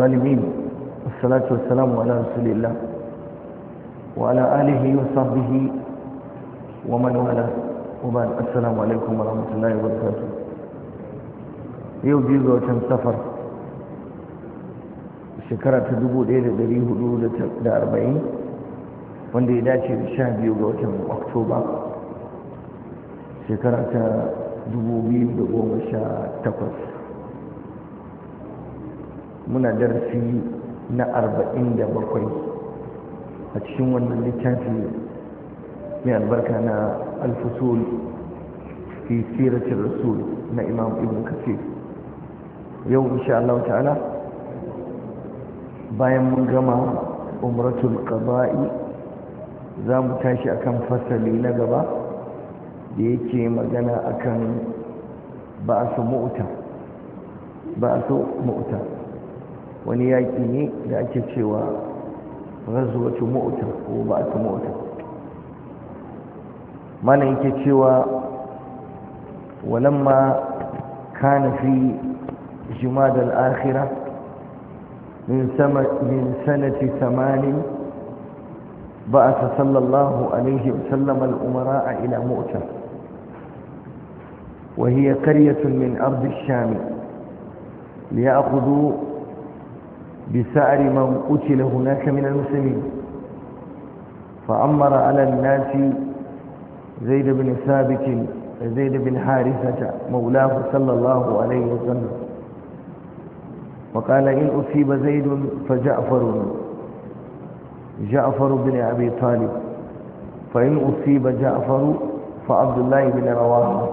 الظالمين والصلاة والسلام على رسول الله وعلى آله وصحبه ومن والاه وبعد السلام عليكم ورحمة الله وبركاته yau biyu ga watan safar shekara ta 1440 wanda ya dace da sha biyu ga watan oktoba shekara ta 2018 muna darasi na arba'in da bakwai a cikin wannan littafi mai albarka na alfusul fi siratin rasul na imam ibn kafir yau insha Allah ta'ala bayan mun gama umratul qada'i za mu tashi akan fasali na gaba da yake magana akan ba'su mu'ta ba'su mu'ta wani yaƙi ne da ake cewa razuwatu mu'ta ko ba'atu mu'ta mana yake cewa walamma kana fi jumad al-akhirah min sama min sanati 80 ba'atha sallallahu alayhi wa sallam al-umara'a ila mu'ta وهي قرية من أرض الشام ليأخذوا بسعر من قتل هناك من المسلمين فأمر على الناس زيد بن ثابت زيد بن حارثة مولاه صلى الله عليه وسلم وقال إن أصيب زيد فجعفر جعفر بن أبي طالب فإن أصيب جعفر فعبد الله بن رواحة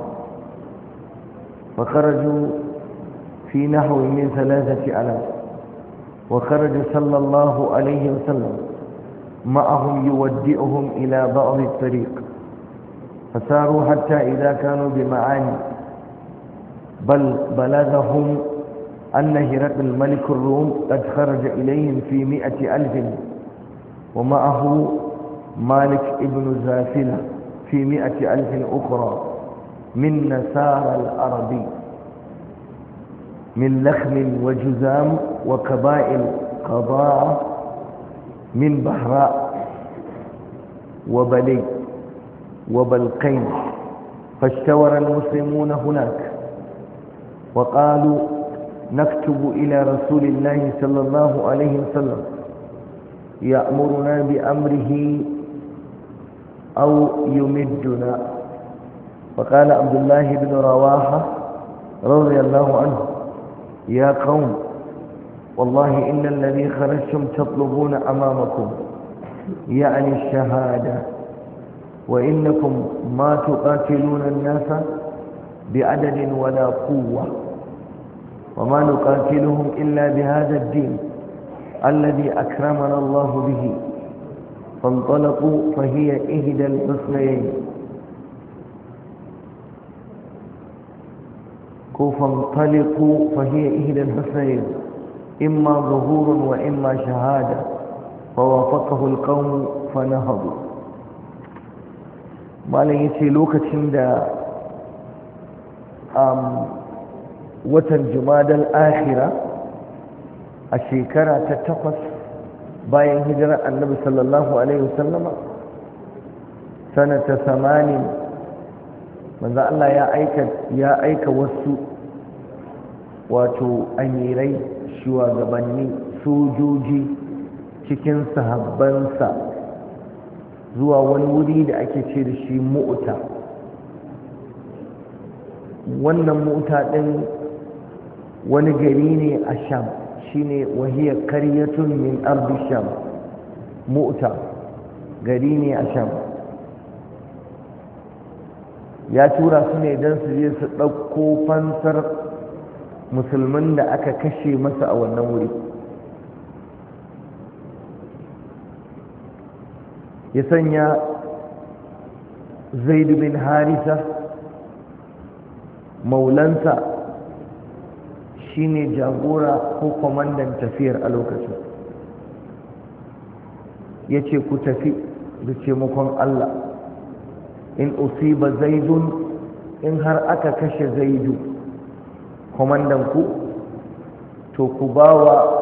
فخرجوا في نحو من ثلاثة ألاف وخرج صلى الله عليه وسلم معهم يودئهم إلى بعض الطريق فساروا حتى إذا كانوا بمعاني بل بلغهم أن هرقل ملك الروم قد خرج إليهم في مئة ألف ومعه مالك ابن زافلة في مئة ألف أخرى من نسار العربي من لخم وجزام وكبائل قضاء من بحراء وبلي وبلقين فاشتور المسلمون هناك وقالوا نكتب إلى رسول الله صلى الله عليه وسلم يأمرنا بأمره أو يمدنا فقال عبد الله بن رواحة رضي الله عنه يا قوم والله إن الذي خرجتم تطلبون أمامكم يعني الشهادة وإنكم ما تقاتلون الناس بعدد ولا قوة وما نقاتلهم إلا بهذا الدين الذي أكرمنا الله به فانطلقوا فهي إهدى الحسنيين كوفا فانطلقوا فهي إهدى الحسنين إما ظهور وإما شهادة فوافقه القوم فنهضوا ما لن لوكة تندى أم وتن جماد الآخرة الشيكرة تتقص باين هجرة النبي صلى الله عليه وسلم سنة ثمانين manzo Allah ya aika ya aika wasu wato amirai shugabanni sojoji cikin sahabbansa zuwa wani wuri da ake ce da shi mu'uta wannan mota ɗin wani gari ne a sham shine wahiya karyatun min ardi sham mu'uta gari ne a sham ya tura su ne don su je su ɗauko fansar musulman da aka kashe masa a wannan wuri ya sanya zaidu bin harisa maulansa shine jagora ko kwamandan tafiyar a lokacin ya ce ku tafi da taimakon allah in usiba zaidun in har aka kashe zaidu kwamandan ku to ku ba wa